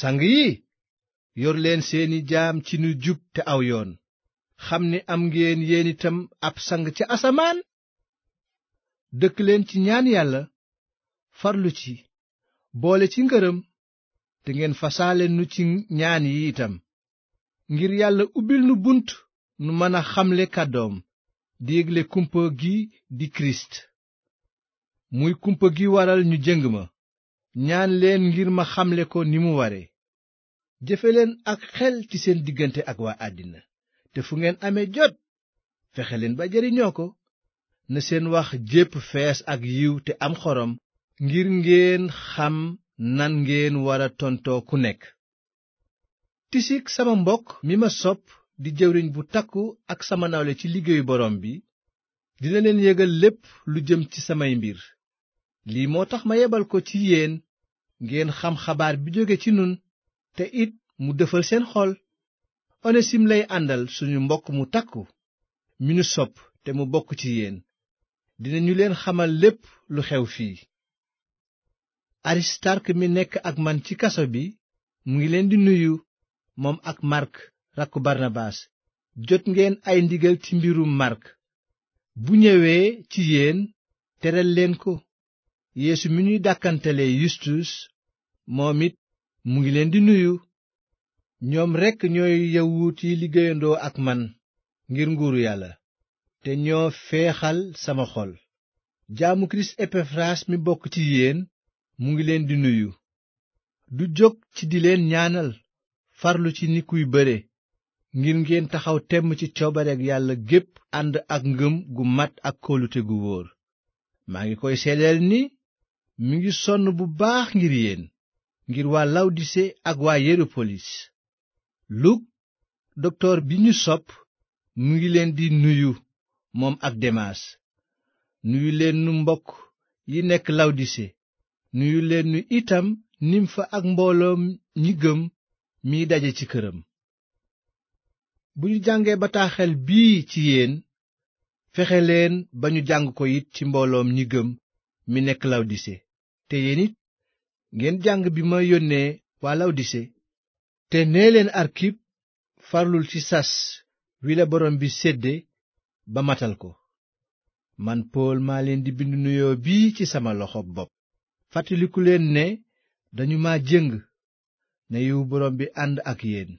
sang yi yor leen seeni jaam ci nu jub te aw yoon xam ni am ngeen yéen itam ab sang ca asamaan dëkk leen ci ñaan yàlla farlu ci boole ci ngërëm te ngeen fasaale nu ci ñaan yi itam ngir yàlla ubbil nu bunt nu mën a xamle kàddoom di yégle kumpa gi di kirist muy kumpa gi waral ñu jëng ma ñaan leen ngir ma xamle ko ni mu ware jëfe leen ak xel ci seen diggante ak waa àddina te fu ngeen amee jot fexe leen ba jariñoo ko na seen wax jépp fees ak yiw te am xorom ngir ngeen xam nan ngeen wara tontoo ku nekk tisik sama mbokk mi ma sopp di jëwriñ bu takku ak sama nawle ci liggéeyu borom bi dina leen yégal lépp lu jëm ci samay mbir lii moo tax ma yebal ko ci yéen ngeen xam xabaar bi jóge ci nun te it mu dëfal seen xol onesim lay àndal suñu mbokk mu takku mi nu sopp te mu bokk ci yéen dinañu leen xamal lépp lu xew fii aristark mi nekk ak man ci kaso bi mu ngi leen di nuyu moom ak màrk rakku barnabaas jot ngeen ay ndigal ci mbirum màrk bu ñëwee ci yéen teral leen ko yéesu mi ñuy dàkkantele yustus moom it mu ngi leen di nuyu ñoom rekk ñooy yawut yi liggéeyandoo ak man ngir nguuru yàlla te ñoo feexal sama xol jaamu kirist epafras mi bokk ci yéen mu ngi leen di nuyu du jog ci di leen ñaanal farlu ci ni kuy bëre ngir ngeen taxaw temm ci coobareek yàlla gépp ànd ak ngëm gu mat ak kolute gu wóor maa ngi koy seedeel ni mi ngi sonn bu baax ngir yéen ngir waa lawdise ak waa yerapolis luk doktoor bi ñu sopp mu ngi leen di nuyu moom ak demaas nuyu leen nu mbokk yi nekk lawdise nuyu leen nu itam nimfa ak mbooloom ñi gëm miy daje ci këram bu ñu jàngee bataaxel bii ci yéen fexe leen ba ñu jàng ko it ci mbooloom ñi gëm mi nekk lawdise te yéen ngeen jàng bi ma yónnee waa Lawodise te nee leen Arkip farlul ci sas wi la borom bi sédde ba matal ko man Pool maa leen di bind nuyoo bi ci sama loxo bopp fàttaliku leen ne dañu ma jëng na yiwu borom bi ànd ak yéen